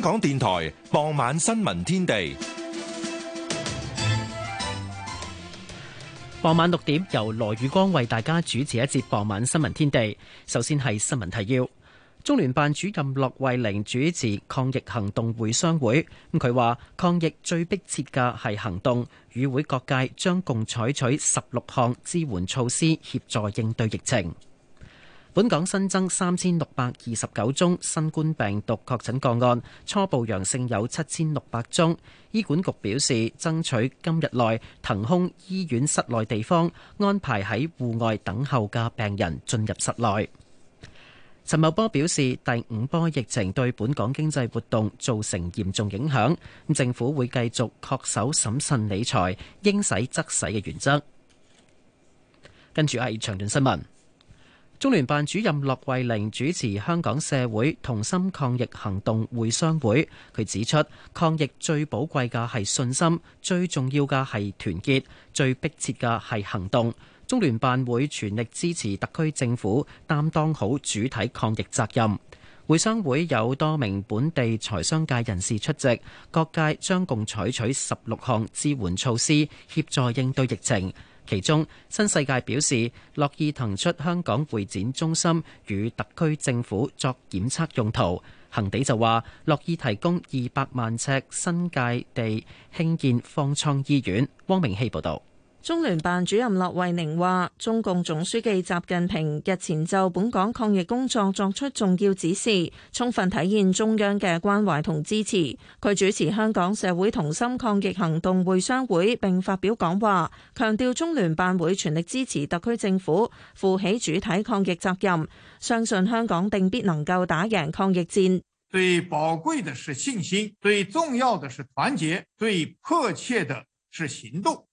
香港電台傍晚新聞天地，傍晚六點由羅宇光為大家主持一節傍晚新聞天地。首先係新聞提要：中聯辦主任駱惠寧主持抗疫行動會商會，咁佢話抗疫最迫切嘅係行動，與會各界將共採取十六項支援措施協助應對疫情。本港新增三千六百二十九宗新冠病毒確診個案，初步陽性有七千六百宗。醫管局表示，爭取今日內騰空醫院室內地方，安排喺戶外等候嘅病人進入室內。陳茂波表示，第五波疫情對本港經濟活動造成嚴重影響，政府會繼續恪守審慎理財、應使則使嘅原則。跟住係長段新聞。中聯辦主任駱惠寧主持香港社會同心抗疫行動會商會，佢指出：抗疫最寶貴嘅係信心，最重要嘅係團結，最迫切嘅係行動。中聯辦會全力支持特區政府，擔當好主體抗疫責任。會商會有多名本地財商界人士出席，各界將共採取十六項支援措施，協助應對疫情。其中，新世界表示樂意騰出香港會展中心與特區政府作檢測用途。恒地就話樂意提供二百萬尺新界地興建方艙醫院。汪明希報道。中聯辦主任駱惠寧話：中共總書記習近平日前就本港抗疫工作作出重要指示，充分體現中央嘅關懷同支持。佢主持香港社會同心抗疫行動會商會，並發表講話，強調中聯辦會全力支持特區政府負起主體抗疫責任，相信香港定必能夠打贏抗疫戰。最寶貴的是信心，最重要的是團結，最迫切的是行動。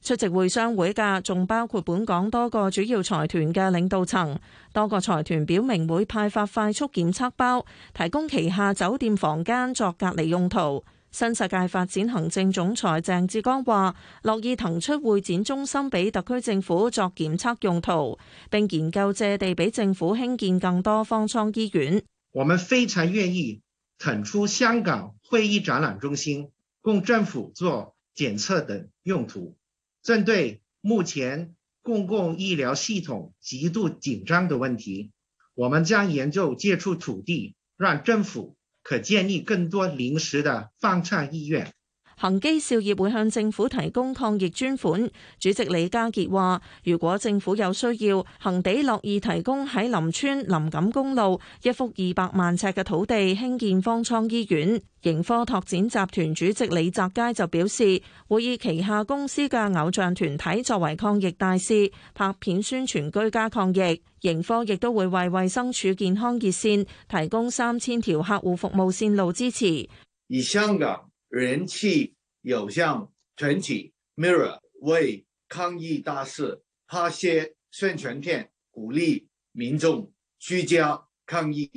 出席會商會嘅仲包括本港多個主要財團嘅領導層，多個財團表明會派發快速檢測包，提供旗下酒店房間作隔離用途。新世界發展行政總裁鄭志剛話樂意騰出會展中心俾特區政府作檢測用途，並研究借地俾政府興建更多方艙醫院。我們非常願意騰出香港會議展覽中心，供政府做檢測等用途。針對目前公共醫療系統極度緊張的問題，我們將研究借出土地，讓政府可建立更多臨時的方艙醫院。恒基兆業會向政府提供抗疫專款。主席李家傑話，如果政府有需要，恒地樂意提供喺林村林錦公路一幅二百萬尺嘅土地興建方艙醫院。盈科拓展集團主席李澤楷就表示，會以旗下公司嘅偶像團體作爲抗疫大使，拍片宣傳居家抗疫。盈科亦都會為衛生署健康熱線提供三千條客戶服務線路支持。而生噶。人氣偶像團體 Mirror 為抗疫大事拍些宣傳片，鼓勵民眾居家抗疫，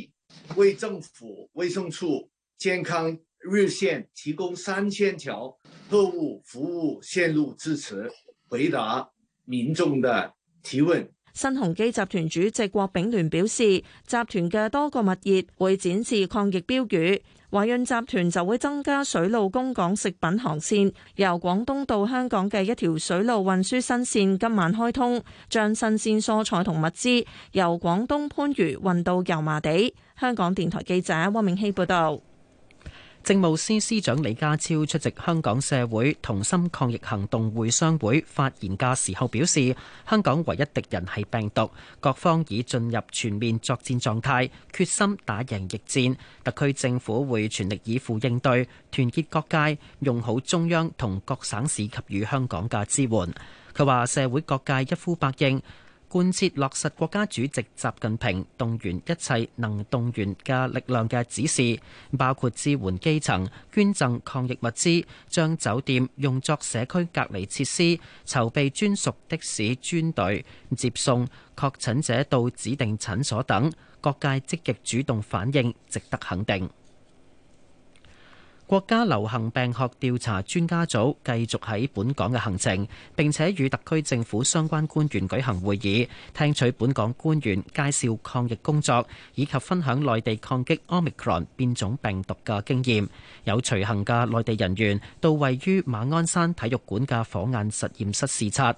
為政府衛生處健康熱線提供三千條客戶服務線路支持，回答民眾的提問。新鴻基集團主席郭炳聯表示，集團嘅多個物業會展示抗疫標語。華潤集團就會增加水路供港食品航線，由廣東到香港嘅一條水路運輸新線今晚開通，將新鮮蔬菜同物資由廣東番禺運到油麻地。香港電台記者汪明希報道。政務司司長李家超出席香港社會同心抗疫行動會商會發言嘅時候表示，香港唯一敵人係病毒，各方已進入全面作戰狀態，決心打贏疫戰。特區政府會全力以赴應對，團結各界，用好中央同各省市給予香港嘅支援。佢話社會各界一呼百應。貫徹落實國家主席習近平動員一切能動員嘅力量嘅指示，包括支援基層、捐贈抗疫物資、將酒店用作社區隔離設施、籌備專屬的士專隊、接送確診者到指定診所等，各界積極主動反應，值得肯定。國家流行病學調查專家組繼續喺本港嘅行程，並且與特區政府相關官員舉行會議，聽取本港官員介紹抗疫工作，以及分享內地抗擊 Omicron 變種病毒嘅經驗。有隨行嘅內地人員到位於馬鞍山體育館嘅火眼實驗室視察。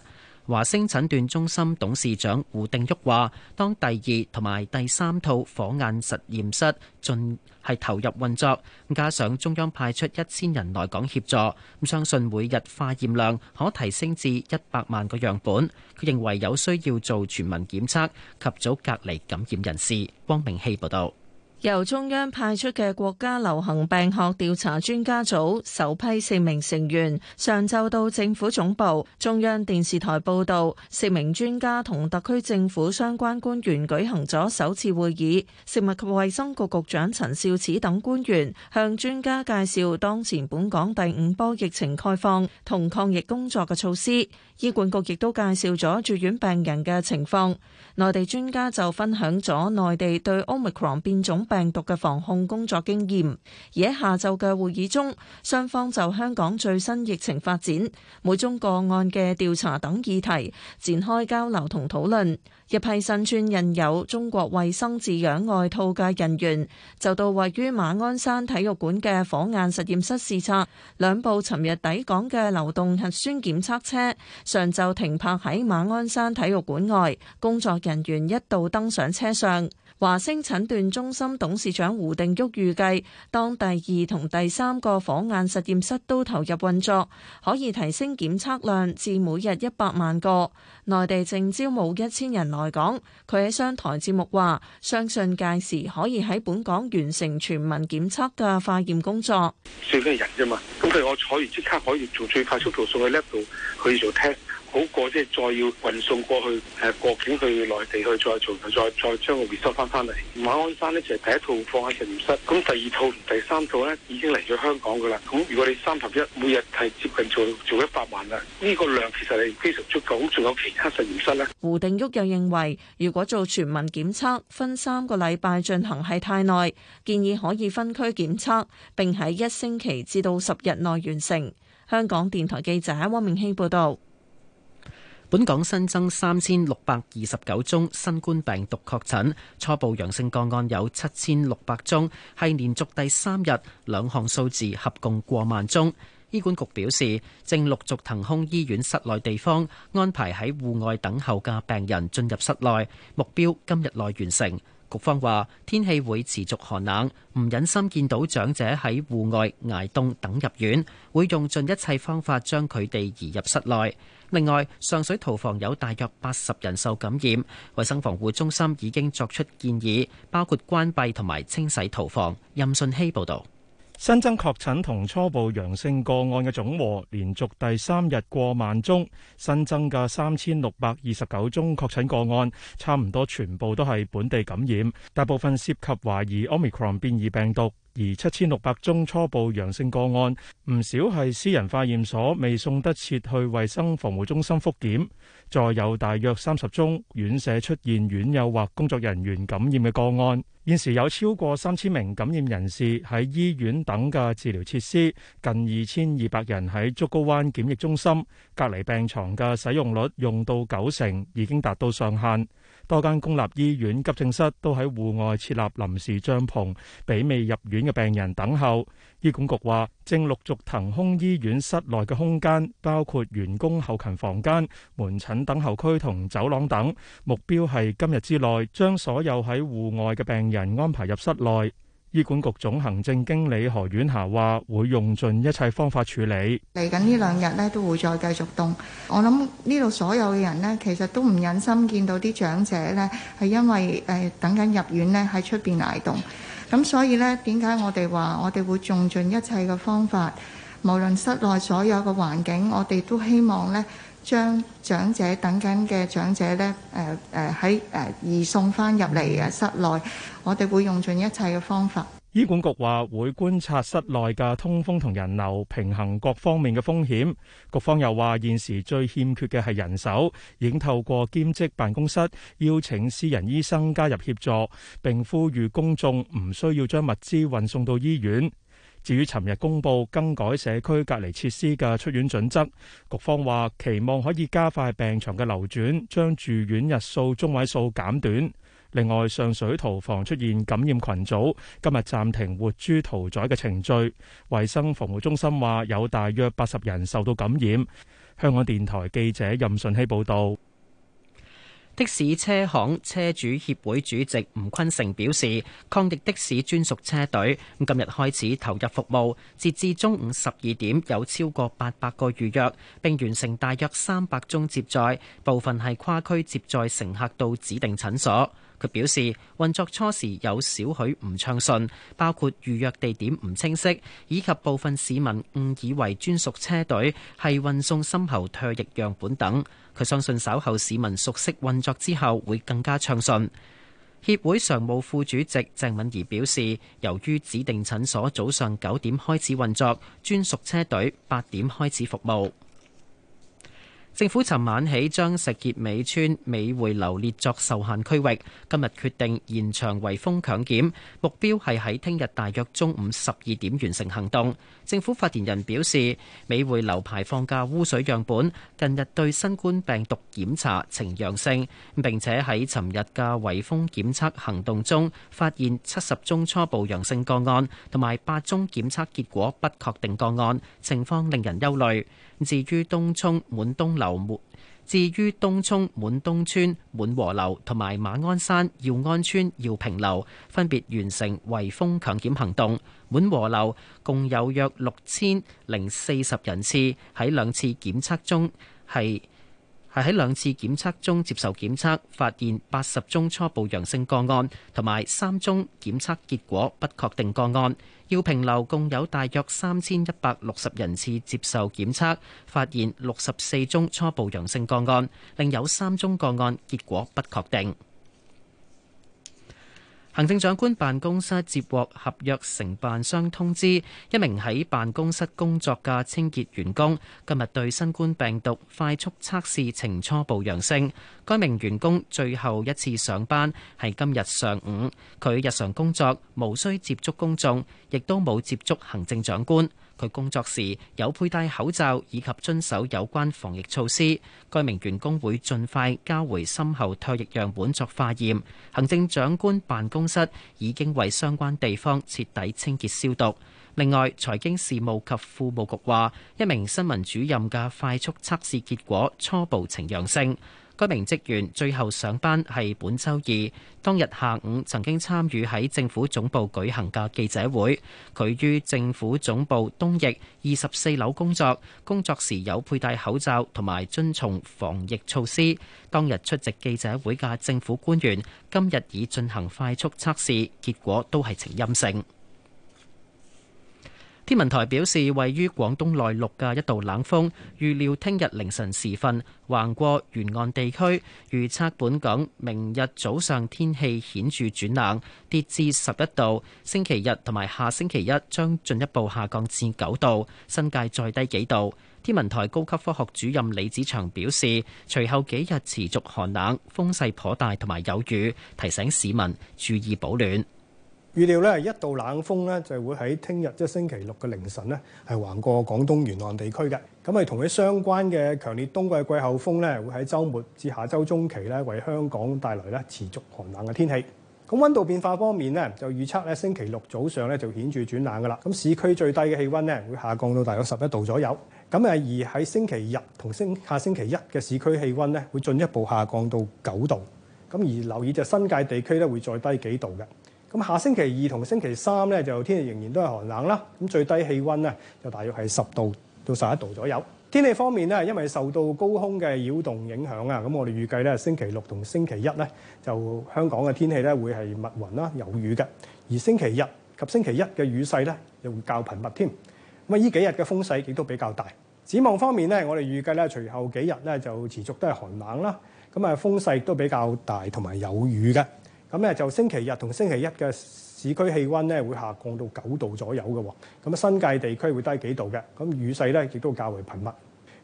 華星診斷中心董事長胡定旭話，當第二同埋第三套火眼實驗室進係投入運作，加上中央派出一千人來港協助，相信每日化驗量可提升至一百萬個樣本。佢認為有需要做全民檢測，及早隔離感染人士。汪明希報道。由中央派出嘅國家流行病學調查專家組首批四名成員上晝到政府總部。中央電視台報道，四名專家同特區政府相關官員舉行咗首次會議。食物及衛生局局長陳肇始等官員向專家介紹當前本港第五波疫情概況、同抗疫工作嘅措施。醫管局亦都介紹咗住院病人嘅情況，內地專家就分享咗內地對 omicron 變種病毒嘅防控工作經驗，而喺下晝嘅會議中，雙方就香港最新疫情發展、每宗個案嘅調查等議題展開交流同討論。一批身穿印有中國衛生字樣外套嘅人員就到位於馬鞍山體育館嘅火眼實驗室視察。兩部尋日抵港嘅流動核酸檢測車，上晝停泊喺馬鞍山體育館外，工作人員一度登上車上。華星診斷中心董事長胡定旭預計，當第二同第三個火眼實驗室都投入運作，可以提升檢測量至每日一百萬個。內地正招募一千人來港。佢喺商台節目話，相信屆時可以喺本港完成全民檢測嘅化驗工作。最多係人啫嘛，咁佢我坐完即刻可以做最快速度送去 lab 度去做 test。好過即係再要運送過去誒國境去內地去，再從頭再再將個回收翻翻嚟。馬鞍山呢就係第一套放喺實驗室，咁第二套、同第三套咧已經嚟咗香港噶啦。咁如果你三合一每日係接近做做一百萬啦，呢個量其實係非常足夠，仲有其他實驗室呢？胡定旭又認為，如果做全民檢測，分三個禮拜進行係太耐，建議可以分區檢測，並喺一星期至到十日內完成。香港電台記者汪明希報導。本港新增三千六百二十九宗新冠病毒確診，初步陽性個案有七千六百宗，係連續第三日兩項數字合共過萬宗。醫管局表示，正陸續騰空醫院室內地方，安排喺戶外等候嘅病人進入室內，目標今日內完成。局方話：天氣會持續寒冷，唔忍心見到長者喺戶外挨凍等入院，會用盡一切方法將佢哋移入室內。另外，上水屠房有大約八十人受感染，衛生防護中心已經作出建議，包括關閉同埋清洗屠房。任信希報導。新增確診同初步陽性個案嘅總和，連續第三日過萬宗。新增嘅三千六百二十九宗確診個案，差唔多全部都係本地感染，大部分涉及懷疑 Omicron 變異病毒。而七千六百宗初步陽性個案，唔少係私人化驗所未送得切去衛生防護中心覆檢。再有大約三十宗院舍出現院友或工作人員感染嘅個案。現時有超過三千名感染人士喺醫院等嘅治療設施，近二千二百人喺竹篙灣檢疫中心隔離病床嘅使用率用到九成，已經達到上限。多間公立醫院急症室都喺戶外設立臨時帳篷，俾未入院嘅病人等候。醫管局話，正陸續騰空醫院室內嘅空間，包括員工後勤房間、門診等候區同走廊等，目標係今日之內將所有喺戶外嘅病人安排入室內。醫管局總行政經理何婉霞話，會用盡一切方法處理。嚟緊呢兩日咧都會再繼續凍。我諗呢度所有嘅人咧，其實都唔忍心見到啲長者咧係因為誒、呃、等緊入院咧喺出邊挨凍。咁所以呢，點解我哋話我哋會用盡一切嘅方法，無論室內所有嘅環境，我哋都希望呢。將長者等緊嘅長者呢，誒誒喺誒移送翻入嚟嘅室內，我哋會用盡一切嘅方法。醫管局話會觀察室內嘅通風同人流，平衡各方面嘅風險。局方又話現時最欠缺嘅係人手，已經透過兼職辦公室邀請私人醫生加入協助，並呼籲公眾唔需要將物資運送到醫院。至於尋日公布更改社區隔離設施嘅出院準則，局方話期望可以加快病床嘅流轉，將住院日數中位數減短。另外，上水屠房出現感染群組，今日暫停活豬屠宰嘅程序。衛生防護中心話有大約八十人受到感染。香港電台記者任順希報導。的士車行車主協會主席吳坤成表示，抗疫的士專屬車隊今日開始投入服務，截至中午十二點有超過八百個預約，並完成大約三百宗接載，部分係跨區接載乘客到指定診所。佢表示運作初時有少許唔暢順，包括預約地點唔清晰，以及部分市民誤以為專屬車隊係運送深喉唾液樣本等。佢相信稍後市民熟悉運作之後會更加暢順。協會常務副主席鄭敏儀表示，由於指定診所早上九點開始運作，專屬車隊八點開始服務。政府尋晚起將石硤尾邨美匯樓列作受限區域，今日決定延長圍封強檢，目標係喺聽日大約中午十二點完成行動。政府發言人表示，美匯樓排放嘅污水樣本近日對新冠病毒檢查呈陽性，並且喺尋日嘅圍封檢測行動中發現七十宗初步陽性個案，同埋八宗檢測結果不確定個案，情況令人憂慮。至於東涌滿東樓末，至於東涌滿東村滿和樓同埋馬鞍山耀安村耀平樓，分別完成圍封強檢行動。滿和樓共有約六千零四十人次喺兩次檢測中係。係喺兩次檢測中接受檢測，發現八十宗初步陽性個案，同埋三宗檢測結果不確定個案。耀平樓共有大約三千一百六十人次接受檢測，發現六十四宗初步陽性個案，另有三宗個案結果不確定。行政長官辦公室接獲合約承辦商通知，一名喺辦公室工作嘅清潔員工，今日對新冠病毒快速測試呈初步陽性。該名員工最後一次上班係今日上午，佢日常工作無需接觸公眾，亦都冇接觸行政長官。佢工作時有佩戴口罩以及遵守有關防疫措施。該名員工會盡快交回深喉唾液樣本作化驗。行政長官辦公室已經為相關地方徹底清潔消毒。另外，財經事務及庫務局話，一名新聞主任嘅快速測試結果初步呈陽性。該名職員最後上班係本周二，當日下午曾經參與喺政府總部舉行嘅記者會。佢於政府總部東翼二十四樓工作，工作時有佩戴口罩同埋遵從防疫措施。當日出席記者會嘅政府官員今日已進行快速測試，結果都係呈陰性。天文台表示，位於廣東內陸嘅一道冷風預料聽日凌晨時分橫過沿岸地區，預測本港明日早上天氣顯著轉冷，跌至十一度。星期日同埋下星期一將進一步下降至九度，新界再低幾度。天文台高級科學主任李子祥表示，隨後幾日持續寒冷，風勢頗大同埋有雨，提醒市民注意保暖。預料咧，一道冷鋒咧，就會喺聽日即係星期六嘅凌晨咧，係橫過廣東沿岸地區嘅。咁係同佢相關嘅強烈冬季季候風咧，會喺週末至下周中期咧，為香港帶來咧持續寒冷嘅天氣。咁温度變化方面咧，就預測咧，星期六早上咧就顯著轉冷㗎喇。咁市區最低嘅氣温咧，會下降到大概十一度左右。咁誒而喺星期日同星下星期一嘅市區氣温咧，會進一步下降到九度。咁而留意就新界地區咧，會再低幾度嘅。咁下星期二同星期三咧，就天氣仍然都係寒冷啦。咁最低氣温咧，就大約係十度到十一度左右。天氣方面咧，因為受到高空嘅擾動影響啊，咁我哋預計咧，星期六同星期一咧，就香港嘅天氣咧會係密雲啦、有雨嘅。而星期日及星期一嘅雨勢咧，又會較頻密添。咁啊，呢幾日嘅風勢亦都比較大。展望方面咧，我哋預計咧，隨後幾日咧就持續都係寒冷啦。咁啊，風勢都比較大同埋有雨嘅。咁咧就星期日同星期一嘅市區氣温咧會下降到九度左右嘅，咁啊新界地區會低幾度嘅，咁雨勢咧亦都較為頻密。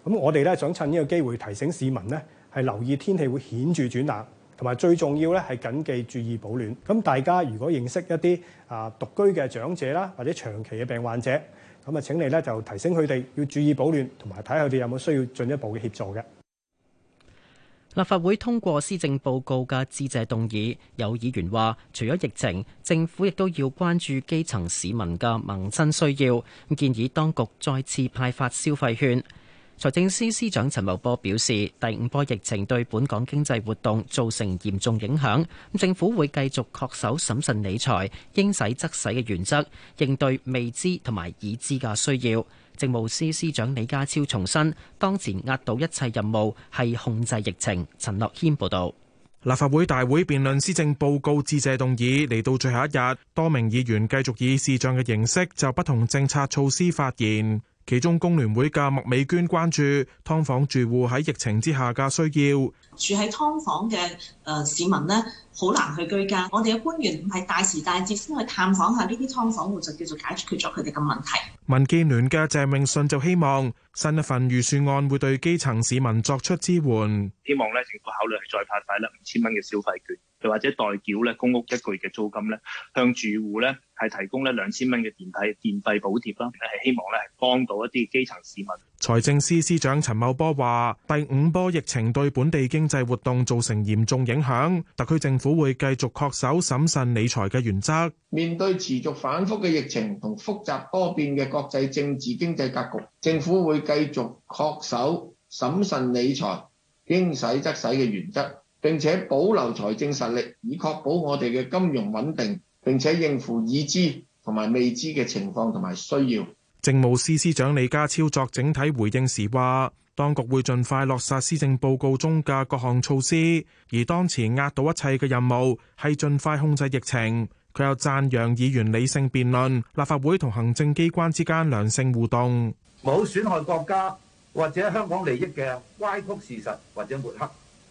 咁我哋咧想趁呢個機會提醒市民咧係留意天氣會顯著轉冷，同埋最重要咧係緊記注意保暖。咁大家如果認識一啲啊獨居嘅長者啦，或者長期嘅病患者，咁啊請你咧就提醒佢哋要注意保暖，同埋睇下佢哋有冇需要進一步嘅協助嘅。立法會通過施政報告嘅致謝動議，有議員話：除咗疫情，政府亦都要關注基層市民嘅民生需要，建議當局再次派發消費券。財政司司長陳茂波表示，第五波疫情對本港經濟活動造成嚴重影響，政府會繼續恪守審慎理財、應使則使嘅原則，應對未知同埋已知嘅需要。政務司司長李家超重申，當前壓倒一切任務係控制疫情。陳樂謙報道。立法會大會辯論施政報告致謝動議嚟到最後一日，多名議員繼續以視像嘅形式就不同政策措施發言。其中，工聯會嘅麥美娟關注劏房住戶喺疫情之下嘅需要。住喺劏房嘅誒市民呢，好難去居家。我哋嘅官員唔係大時大節先去探訪下呢啲劏房戶，就叫做解決咗佢哋嘅問題。民建聯嘅鄭泳舜就希望新一份預算案會對基層市民作出支援。希望政府考慮再派發一筆五千蚊嘅消費券。又或者代繳咧公屋一個月嘅租金咧，向住戶咧係提供咧兩千蚊嘅電費電費補貼啦，係希望咧係幫到一啲基層市民。財政司司長陳茂波話，第五波疫情對本地經濟活動造成嚴重影響，特區政府會繼續恪守審慎理財嘅原則。面對持續反覆嘅疫情同複雜多變嘅國際政治經濟格局，政府會繼續恪守審慎理財，應使則使嘅原則。並且保留財政實力，以確保我哋嘅金融穩定，並且應付已知同埋未知嘅情況同埋需要。政務司司長李家超作整體回應時話，當局會盡快落實施政報告中嘅各項措施，而當前壓倒一切嘅任務係盡快控制疫情。佢又讚揚議員理性辯論，立法會同行政機關之間良性互動，冇損害國家或者香港利益嘅歪曲事實或者抹黑。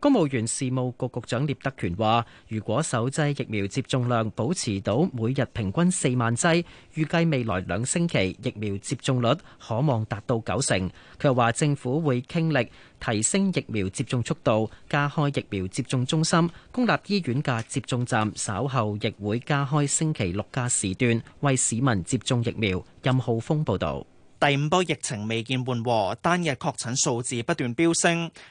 公務員事務局局長聶德權話，如果首劑疫苗接種量保持到每日平均四萬劑，預計未來兩星期疫苗接種率可望達到九成。佢又話政府會傾力提升疫苗接種速度，加開疫苗接種中心，公立醫院嘅接種站稍後亦會加開星期六加時段，為市民接種疫苗。任浩峰報道：第五波疫情未見緩和，單日確診數字不斷飆升。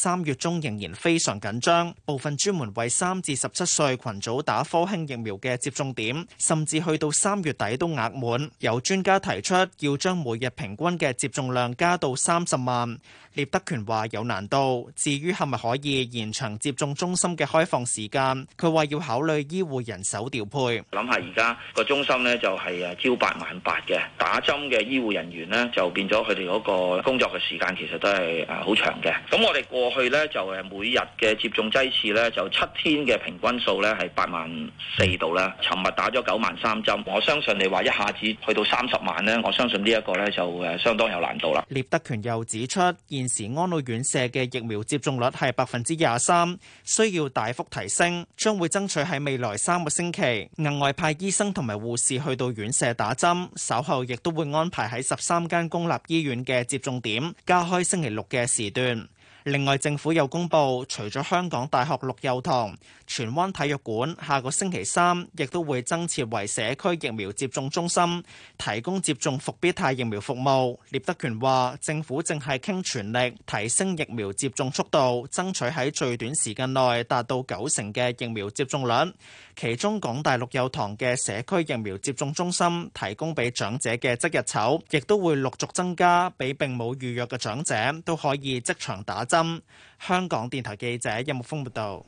三月中仍然非常緊張，部分專門為三至十七歲群組打科興疫苗嘅接種點，甚至去到三月底都額滿，有專家提出要將每日平均嘅接種量加到三十萬。聶德權話有難度，至於係咪可以延長接種中心嘅開放時間，佢話要考慮醫護人手調配。諗下而家個中心呢，就係誒朝八晚八嘅打針嘅醫護人員呢，就變咗佢哋嗰個工作嘅時間其實都係誒好長嘅。咁我哋過去呢，就誒每日嘅接種劑次呢，就七天嘅平均數呢，係八萬四度啦。尋日打咗九萬三針，我相信你話一下子去到三十萬呢，我相信呢一個呢，就誒相當有難度啦。聶德權又指出現時安老院舍嘅疫苗接種率係百分之廿三，需要大幅提升，將會爭取喺未來三個星期額外派醫生同埋護士去到院舍打針，稍後亦都會安排喺十三間公立醫院嘅接種點，加開星期六嘅時段。另外，政府又公布，除咗香港大學陸佑堂、荃灣體育館下個星期三亦都會增設為社區疫苗接種中心，提供接種復必泰疫苗服務。聶德權話政府正係傾全力提升疫苗接種速度，爭取喺最短時間內達到九成嘅疫苗接種率。其中，港大陸佑堂嘅社區疫苗接種中心提供俾長者嘅即日籌亦都會陸續增加俾，並冇預約嘅長者都可以即場打針香港電台記者任木峰報道。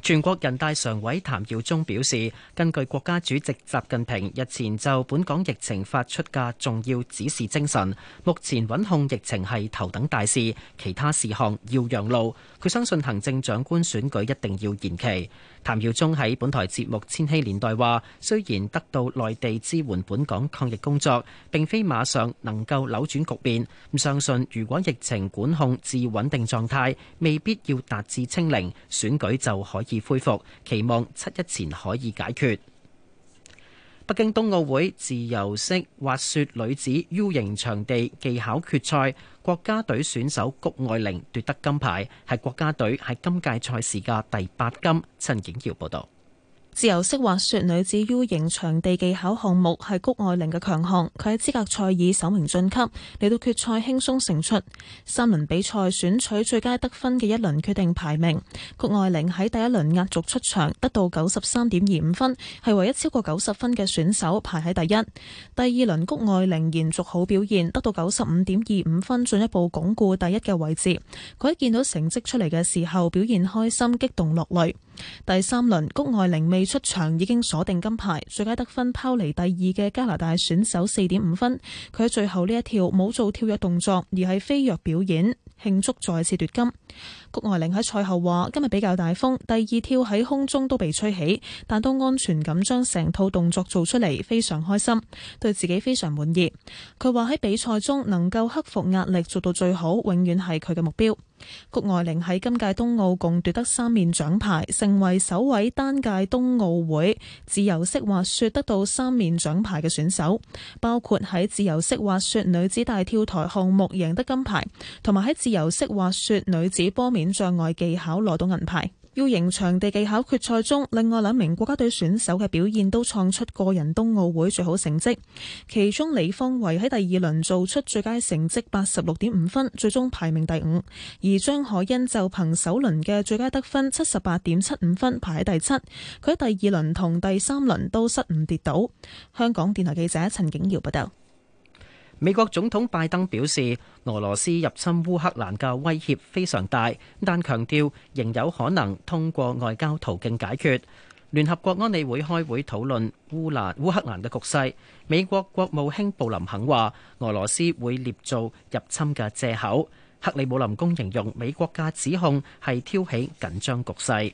全國人大常委譚耀宗表示，根據國家主席習近平日前就本港疫情發出嘅重要指示精神，目前穩控疫情係頭等大事，其他事項要讓路。佢相信行政長官選舉一定要延期。譚耀宗喺本台節目《千禧年代》話：雖然得到內地支援，本港抗疫工作並非馬上能夠扭轉局面。咁相信，如果疫情管控，至穩定狀態，未必要達至清零，選舉就可以恢復。期望七一前可以解決。北京冬奧會自由式滑雪女子 U 型場地技巧決賽。國家隊選手谷愛玲奪得金牌，係國家隊喺今屆賽事嘅第八金。陳景耀報道。自由式滑雪女子 U 型場地技巧項目係谷愛玲嘅強項，佢喺資格賽以首名晉級，嚟到決賽輕鬆勝出。三輪比賽選取最佳得分嘅一輪決定排名。谷愛玲喺第一輪壓軸出場，得到九十三點二五分，係唯一超過九十分嘅選手，排喺第一。第二輪谷愛玲延續好表現，得到九十五點二五分，進一步鞏固第一嘅位置。佢喺見到成績出嚟嘅時候，表現開心激動落淚。第三輪，谷愛玲未出場已經鎖定金牌，最佳得分拋離第二嘅加拿大選手四點五分。佢喺最後呢一跳冇做跳躍動作，而係飛躍表演，慶祝再次奪金。谷愛玲喺賽後話：今日比較大風，第二跳喺空中都被吹起，但都安全咁將成套動作做出嚟，非常開心，對自己非常滿意。佢話喺比賽中能夠克服壓力做到最好，永遠係佢嘅目標。谷愛凌喺今屆冬奧共奪得三面獎牌，成為首位單屆冬奧會自由式滑雪得到三面獎牌嘅選手，包括喺自由式滑雪女子大跳台項目贏得金牌，同埋喺自由式滑雪女子坡面障礙技巧攞到銀牌。要迎場地技巧決賽中，另外兩名國家隊選手嘅表現都創出個人冬奧會最好成績。其中李方維喺第二輪做出最佳成績八十六點五分，最終排名第五；而張可欣就憑首輪嘅最佳得分七十八點七五分排喺第七。佢喺第二輪同第三輪都失誤跌倒。香港電台記者陳景堯報道。美國總統拜登表示，俄羅斯入侵烏克蘭嘅威脅非常大，但強調仍有可能通過外交途徑解決。聯合國安理會開會討論烏蘭烏克蘭嘅局勢。美國國務卿布林肯話，俄羅斯會捏造入侵嘅借口。克里姆林宮形容美國嘅指控係挑起緊張局勢。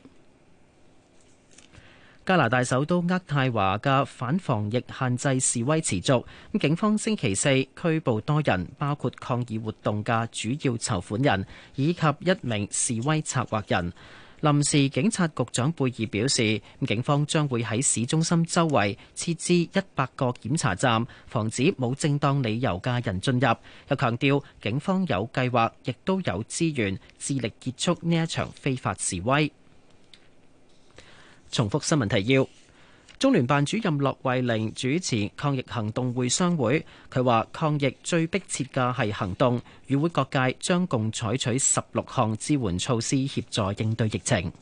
加拿大首都渥太華嘅反防疫限制示威持續，咁警方星期四拘捕多人，包括抗議活動嘅主要籌款人以及一名示威策劃人。臨時警察局長貝爾表示，警方將會喺市中心周圍設置一百個檢查站，防止冇正當理由嘅人進入。又強調警方有計劃亦都有資源，致力結束呢一場非法示威。重複新聞提要：中聯辦主任駱惠寧主持抗疫行動會商會，佢話抗疫最迫切嘅係行動，與會各界將共採取十六項支援措施協助應對疫情。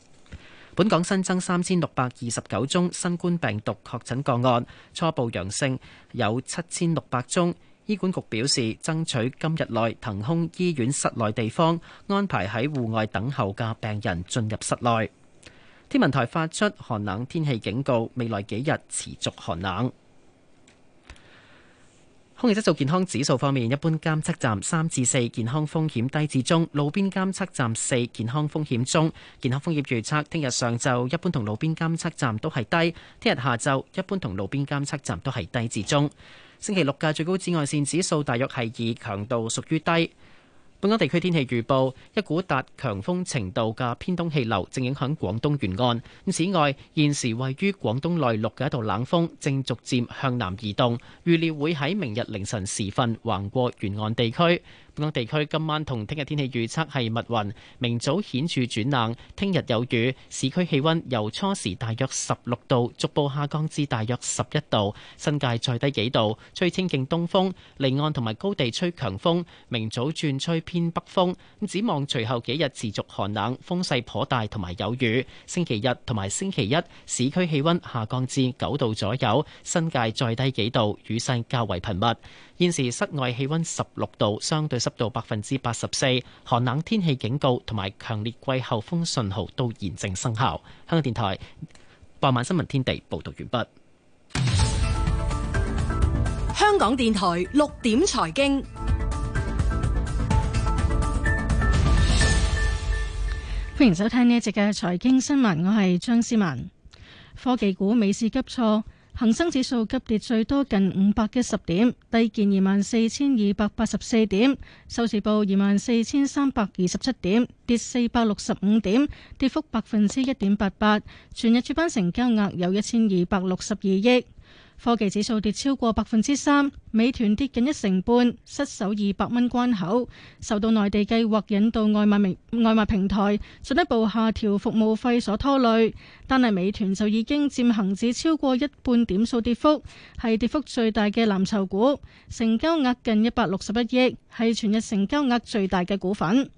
本港新增三千六百二十九宗新冠病毒確診個案，初步陽性有七千六百宗。醫管局表示爭取今日內騰空醫院室內地方，安排喺戶外等候嘅病人進入室內。天文台發出寒冷天氣警告，未來幾日持續寒冷。空氣質素健康指數方面，一般監測站三至四，健康風險低至中；路邊監測站四，健康風險中。健康風險預測：聽日上晝一般同路邊監測站都係低；聽日下晝一般同路邊監測站都係低至中。星期六嘅最高紫外線指數大約係二，強度屬於低。本港地區天氣預報：一股達強風程度嘅偏東氣流正影響廣東沿岸。此外，現時位於廣東內陸嘅一道冷鋒正逐漸向南移動，預料會喺明日凌晨時分橫過沿岸地區。本港地區今晚同聽日天氣預測係密雲，明早顯著轉冷，聽日有雨。市區氣温由初時大約十六度，逐步下降至大約十一度，新界再低幾度。吹清勁東風，離岸同埋高地吹強風。明早轉吹偏北風。展望隨後幾日持續寒冷，風勢頗大同埋有雨。星期日同埋星期一市區氣温下降至九度左右，新界再低幾度，雨勢較為頻密。現時室外氣溫十六度，相對濕度百分之八十四，寒冷天氣警告同埋強烈季候風信號都現正生效。香港電台傍晚新聞天地報道完畢。香港電台六點財經，歡迎收聽呢一節嘅財經新聞，我係張思文。科技股尾市急挫。恒生指數急跌最多近五百一十點，低見二萬四千二百八十四點，收市報二萬四千三百二十七點，跌四百六十五點，跌幅百分之一點八八。全日主板成交額有一千二百六十二億。科技指數跌超過百分之三，美團跌近一成半，失守二百蚊關口，受到內地計劃引導外賣平外賣平台進一步下調服務費所拖累。但係美團就已經佔恒指超過一半點數跌幅，係跌幅最大嘅藍籌股，成交額近一百六十一億，係全日成交額最大嘅股份。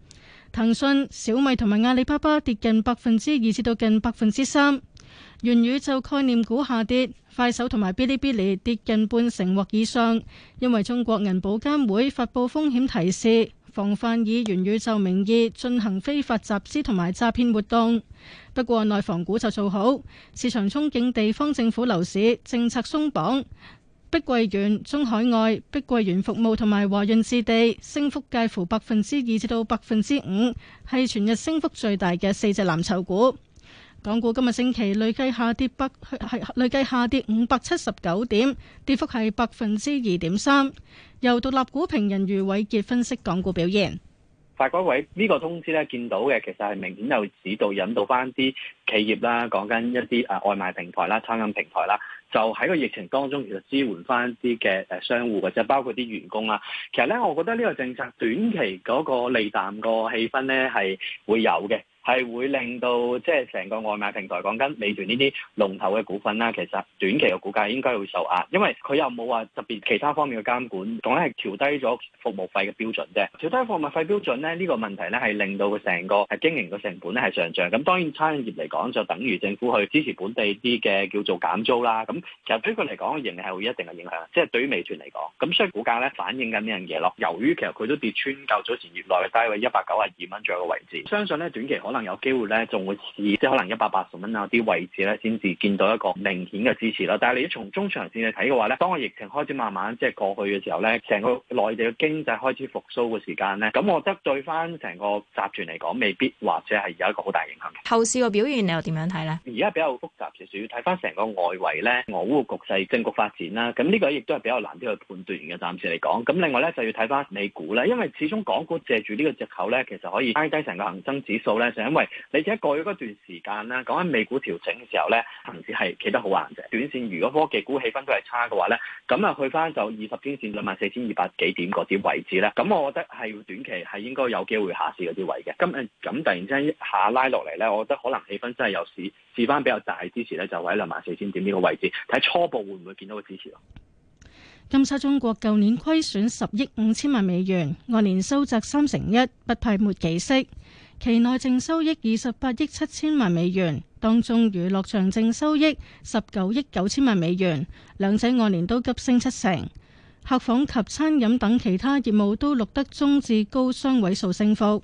騰訊、小米同埋阿里巴巴跌近百分之二至到近百分之三。元宇宙概念股下跌，快手同埋嗶哩嗶哩跌近半成或以上，因為中國銀保監會發佈風險提示，防範以元宇宙名義進行非法集資同埋詐騙活動。不過內房股就做好，市場憧憬地方政府樓市政策鬆綁，碧桂園、中海外、碧桂園服務同埋華潤置地升幅介乎百分之二至到百分之五，係全日升幅最大嘅四隻藍籌股。港股今日星期累計下跌百係累計下跌五百七十九點，跌幅係百分之二點三。由獨立股評人余偉傑分析港股表現。發改委呢個通知咧，見到嘅其實係明顯有指導引導翻啲企業啦，講緊一啲誒外賣平台啦、餐飲平台啦，就喺個疫情當中，其實支援翻啲嘅誒商戶嘅，即包括啲員工啦。其實咧，我覺得呢個政策短期嗰個利淡個氣氛咧係會有嘅。係會令到即係成個外賣平台講緊，美團呢啲龍頭嘅股份啦，其實短期嘅股價應該會受壓，因為佢又冇話特別其他方面嘅監管，講緊係調低咗服務費嘅標準啫。調低服務費標準咧，呢、呢個問題咧係令到佢成個經營嘅成本咧係上漲。咁當然餐飲業嚟講，就等於政府去支持本地啲嘅叫做減租啦。咁其實對於佢嚟講，盈利係會一定嘅影響。即、就、係、是、對於美團嚟講，咁所以股價咧反映緊呢樣嘢咯。由於其實佢都跌穿夠早前月內嘅低位一百九十二蚊左右嘅位置，相信咧短期可。可能有機會咧，仲會試即係可能一百八十蚊啊啲位置咧，先至見到一個明顯嘅支持啦。但係你從中長線去睇嘅話咧，當個疫情開始慢慢即係過去嘅時候咧，成個內地嘅經濟開始復甦嘅時間咧，咁我覺得對翻成個集團嚟講，未必或者係有一個好大影響嘅。後市個表現你又點樣睇咧？而家比較複雜，就係要睇翻成個外圍咧，俄烏局勢、政局發展啦。咁呢個亦都係比較難啲去判斷嘅。暫時嚟講，咁另外咧就要睇翻美股咧，因為始終港股借住呢個藉口咧，其實可以拉低成個恒生指數咧。因為你且過去嗰段時間啦，講緊美股調整嘅時候咧，恒指係企得好硬嘅。短線如果科技股氣氛都係差嘅話咧，咁啊去翻就二十天線兩萬四千二百幾點嗰啲位置咧，咁我覺得係短期係應該有機會下試嗰啲位嘅。咁誒咁突然之間下，下拉落嚟咧，我覺得可能氣氛真係有市試翻比較大支持咧，就喺兩萬四千點呢個位置睇初步會唔會見到個支持咯。金沙中國舊年虧損十億五千萬美元，按年收窄三成一，不派末息。期內，淨收益二十八億七千萬美元，當中娛樂場淨收益十九億九千萬美元，兩者按年都急升七成。客房及餐飲等其他業務都錄得中至高雙位數升幅，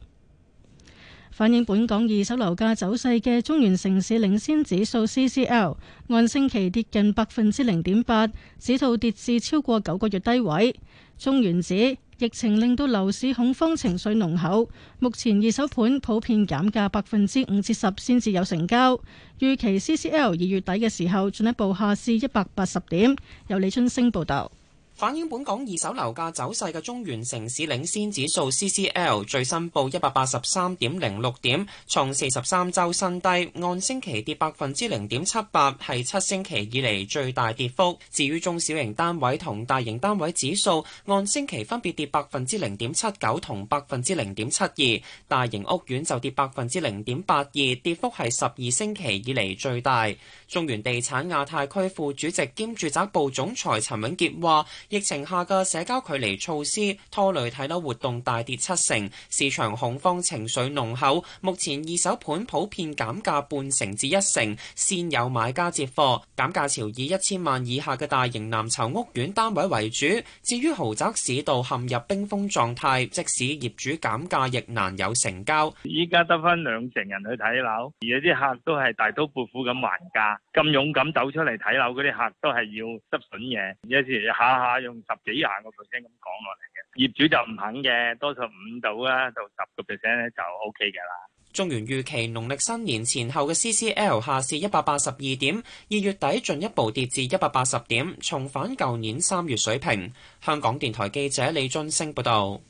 反映本港二手樓價走勢嘅中原城市領先指數 CCL，按星期跌近百分之零點八，指數跌至超過九個月低位。中原指。疫情令到樓市恐慌情緒濃厚，目前二手盤普遍減價百分之五至十先至有成交。預期 CCL 二月底嘅時候進一步下市一百八十點。由李春升報道。反映本港二手樓價走勢嘅中原城市領先指數 （CCL） 最新報一百八十三點零六點，創四十三周新低，按星期跌百分之零點七八，係七星期以嚟最大跌幅。至於中小型單位同大型單位指數，按星期分別跌百分之零點七九同百分之零點七二，大型屋苑就跌百分之零點八二，跌幅係十二星期以嚟最大。中原地產亞太區副主席兼住宅部總裁陳永傑話。疫情下嘅社交距離措施拖累睇樓活動大跌七成，市場恐慌情緒濃厚。目前二手盤普遍減價半成至一成，先有買家接貨。減價潮以一千萬以下嘅大型藍籌屋苑單位為主。至於豪宅市道陷入冰封狀態，即使業主減價亦難有成交。依家得翻兩成人去睇樓，而有啲客都係大刀闊斧咁還價，咁勇敢走出嚟睇樓嗰啲客都係要執筍嘢，有時下下，下。用十幾廿個 percent 咁講落嚟嘅，業主就唔肯嘅，多數五到啦，到十個 percent 咧就 OK 嘅啦。中原預期，農曆新年前後嘅 CCL 下市一百八十二點，二月底進一步跌至一百八十點，重返舊年三月水平。香港電台記者李俊升報道。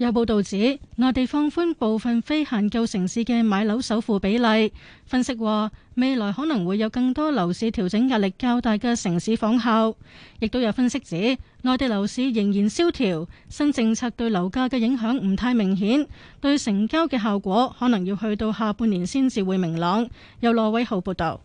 有報道指，內地放寬部分非限購城市嘅買樓首付比例。分析話，未來可能會有更多樓市調整壓力較大嘅城市仿效。亦都有分析指，內地樓市仍然蕭條，新政策對樓價嘅影響唔太明顯，對成交嘅效果可能要去到下半年先至會明朗。由羅偉浩報道。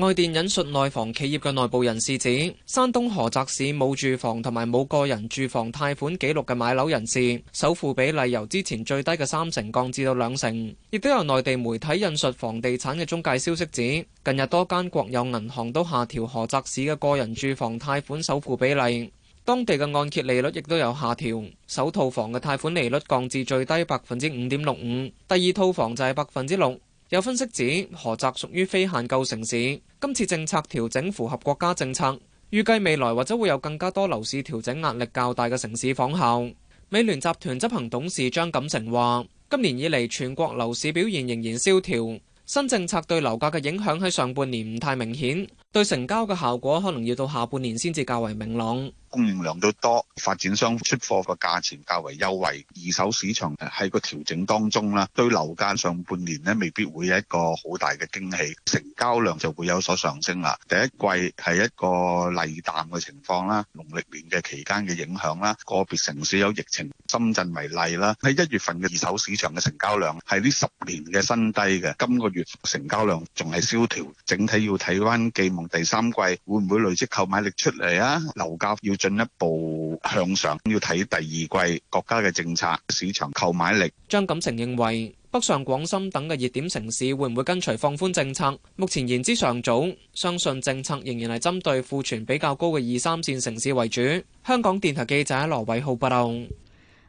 外電引述內房企業嘅內部人士指，山東菏澤市冇住房同埋冇個人住房貸款記錄嘅買樓人士，首付比例由之前最低嘅三成降至到兩成。亦都有內地媒體引述房地產嘅中介消息指，近日多間國有銀行都下調菏澤市嘅個人住房貸款首付比例，當地嘅按揭利率亦都有下調，首套房嘅貸款利率降至最低百分之五點六五，第二套房就係百分之六。有分析指，菏澤屬於非限購城市，今次政策調整符合國家政策，預計未來或者會有更加多樓市調整壓力較大嘅城市仿效。美聯集團執行董事張錦成話，今年以嚟全國樓市表現仍然蕭條，新政策對樓價嘅影響喺上半年唔太明顯，對成交嘅效果可能要到下半年先至較為明朗。供應量都多，發展商出貨個價錢較為優惠。二手市場喺個調整當中啦，對樓價上半年呢未必會有一個好大嘅驚喜，成交量就會有所上升啦。第一季係一個例淡嘅情況啦，農曆年嘅期間嘅影響啦，個別城市有疫情，深圳為例啦，喺一月份嘅二手市場嘅成交量係呢十年嘅新低嘅，今個月成交量仲係蕭條，整體要睇翻寄望第三季會唔會累積購買力出嚟啊？樓價要。進一步向上，要睇第二季國家嘅政策、市場購買力。張錦成認為，北上廣深等嘅熱點城市會唔會跟隨放寬政策？目前言之尚早，相信政策仍然係針對庫存比較高嘅二三線城市為主。香港電台記者羅偉浩報道。不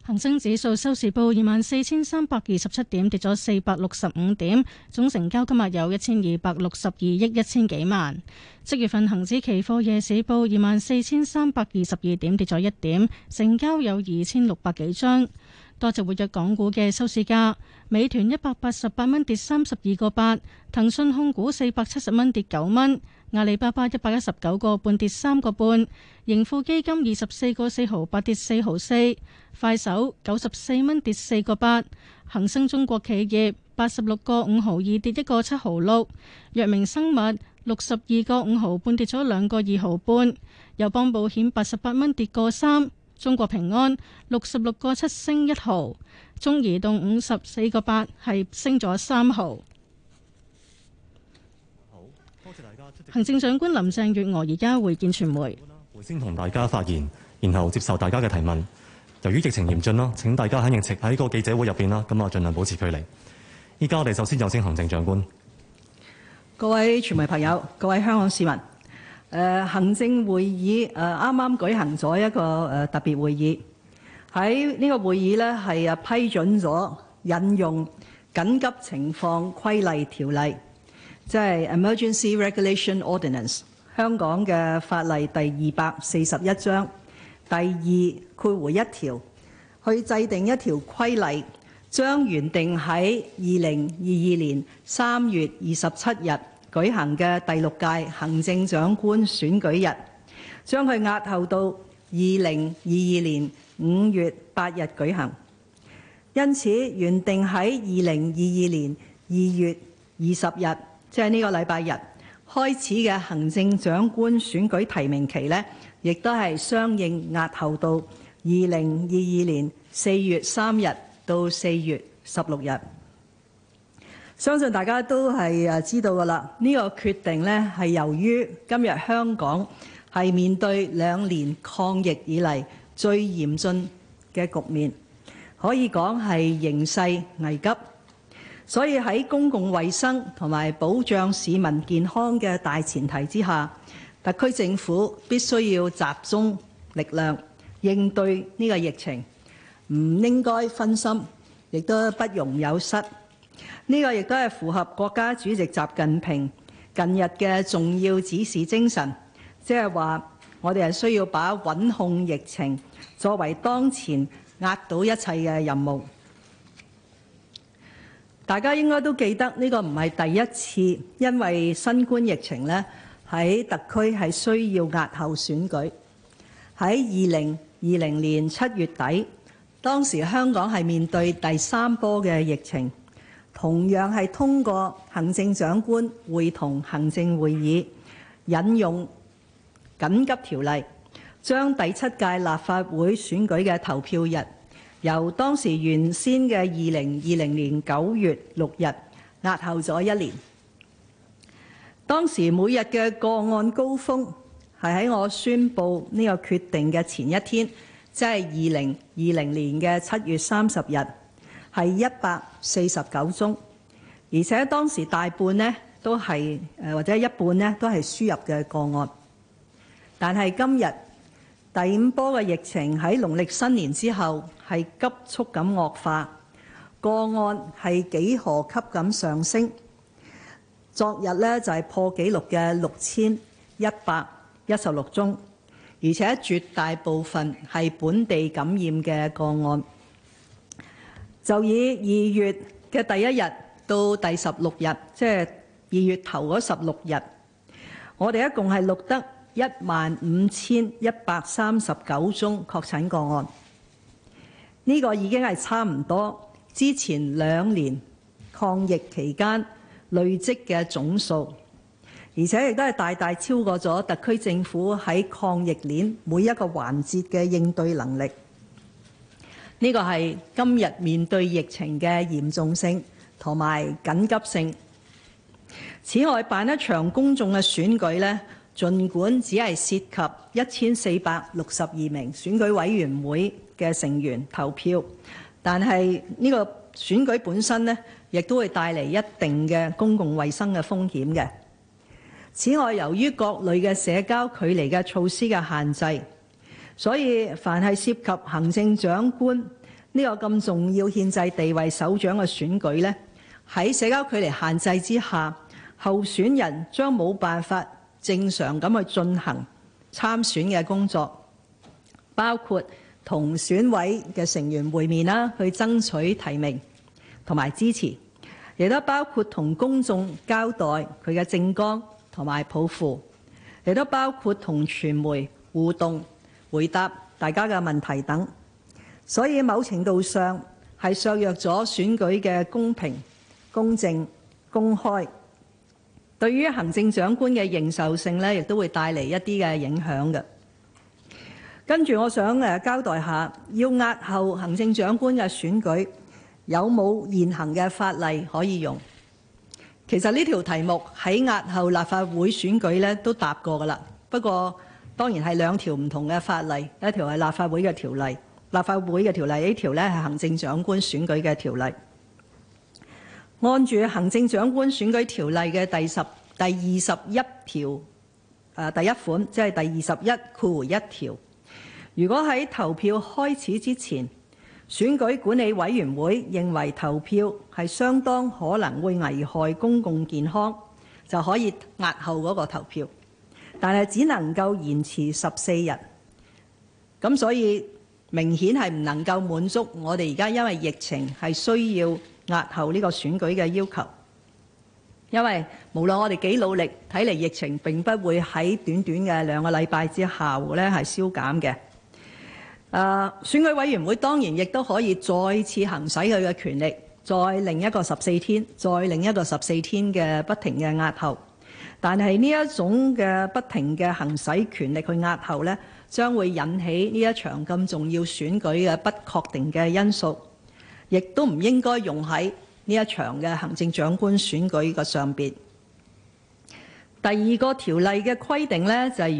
恒生指數收市報二萬四千三百二十七點，跌咗四百六十五點，總成交今日有一千二百六十二億一千幾萬。七月份恒指期貨夜市報二萬四千三百二十二點，跌咗一點，成交有二千六百幾張。多隻活躍港股嘅收市價，美團一百八十八蚊跌三十二個八，騰訊控股四百七十蚊跌九蚊。阿里巴巴一百一十九個半跌三個半，盈富基金二十四個四毫八跌四毫四，快手九十四蚊跌四個八，恒生中國企業八十六個五毫二跌一個七毫六，藥明生物六十二個五毫半跌咗兩個二毫半，友邦保險八十八蚊跌個三，中國平安六十六個七升一毫，中移動五十四個八係升咗三毫。行政長官林鄭月娥而家會見傳媒，會先同大家發言，然後接受大家嘅提問。由於疫情嚴峻啦，請大家喺認喺呢個記者會入邊啦，咁啊盡量保持距離。而家我哋首先有請行政長官。各位傳媒朋友，各位香港市民，誒，行政會議誒啱啱舉行咗一個誒特別會議，喺呢個會議咧係啊批准咗引用緊急情況規例條例。即係《Emergency Regulation Ordinance》香港嘅法例第二百四十一章第二括弧一條，去制定一條規例，將原定喺二零二二年三月二十七日舉行嘅第六屆行政長官選舉日，將佢押後到二零二二年五月八日舉行，因此原定喺二零二二年二月二十日，即係呢個禮拜日開始嘅行政長官選舉提名期咧，亦都係相應押後到二零二二年四月三日到四月十六日。相信大家都係誒知道㗎啦，呢個決定咧係由於今日香港係面對兩年抗疫以嚟最嚴峻嘅局面，可以講係形勢危急。所以喺公共衛生同埋保障市民健康嘅大前提之下，特區政府必須要集中力量應對呢個疫情，唔應該分心，亦都不容有失。呢個亦都係符合國家主席習近平近日嘅重要指示精神，即係話我哋係需要把穩控疫情作為當前壓倒一切嘅任務。大家應該都記得呢個唔係第一次，因為新冠疫情呢，喺特區係需要押後選舉。喺二零二零年七月底，當時香港係面對第三波嘅疫情，同樣係通過行政長官會同行政會議引用緊急條例，將第七屆立法會選舉嘅投票日。由當時原先嘅二零二零年九月六日押後咗一年。當時每日嘅個案高峰係喺我宣布呢個決定嘅前一天，即係二零二零年嘅七月三十日，係一百四十九宗，而且當時大半呢都係誒或者一半呢都係輸入嘅個案。但係今日，第五波嘅疫情喺農曆新年之後係急速咁惡化，個案係幾何級咁上升。昨日咧就係破紀錄嘅六千一百一十六宗，而且絕大部分係本地感染嘅個案。就以二月嘅第一日到第十六日，即係二月頭嗰十六日，我哋一共係錄得。一萬五千一百三十九宗確診個案，呢個已經係差唔多之前兩年抗疫期間累積嘅總數，而且亦都係大大超過咗特區政府喺抗疫鏈每一個環節嘅應對能力。呢個係今日面對疫情嘅嚴重性同埋緊急性。此外，辦一場公眾嘅選舉呢。儘管只係涉及一千四百六十二名選舉委員會嘅成員投票，但係呢個選舉本身呢，亦都會帶嚟一定嘅公共衛生嘅風險嘅。此外，由於各類嘅社交距離嘅措施嘅限制，所以凡係涉及行政長官呢個咁重要憲制地位首長嘅選舉呢，喺社交距離限制之下，候選人將冇辦法，正常咁去進行參選嘅工作，包括同選委嘅成員會面啦，去爭取提名同埋支持；亦都包括同公眾交代佢嘅政綱同埋抱負；亦都包括同傳媒互動、回答大家嘅問題等。所以某程度上係削弱咗選舉嘅公平、公正、公開。對於行政長官嘅認受性呢，亦都會帶嚟一啲嘅影響嘅。跟住我想誒交代下，要押後行政長官嘅選舉，有冇現行嘅法例可以用？其實呢條題目喺押後立法會選舉呢都答過㗎喇。不過當然係兩條唔同嘅法例，一條係立法會嘅條例，立法會嘅條例呢，條呢係行政長官選舉嘅條例。按住行政長官選舉條例嘅第十第二十一條啊，第一款，即係第二十一括弧一條，如果喺投票開始之前，選舉管理委員會認為投票係相當可能會危害公共健康，就可以押後嗰個投票，但係只能夠延遲十四日。咁所以明顯係唔能夠滿足我哋而家因為疫情係需要。押後呢個選舉嘅要求，因為無論我哋幾努力，睇嚟疫情並不會喺短短嘅兩個禮拜之下呢係消減嘅。誒、呃，選舉委員會當然亦都可以再次行使佢嘅權力，再另一個十四天，再另一個十四天嘅不停嘅押後。但係呢一種嘅不停嘅行使權力去押後呢，將會引起呢一場咁重要選舉嘅不確定嘅因素。亦都唔應該用喺呢一場嘅行政長官選舉個上面。第二個條例嘅規定呢，就係，是。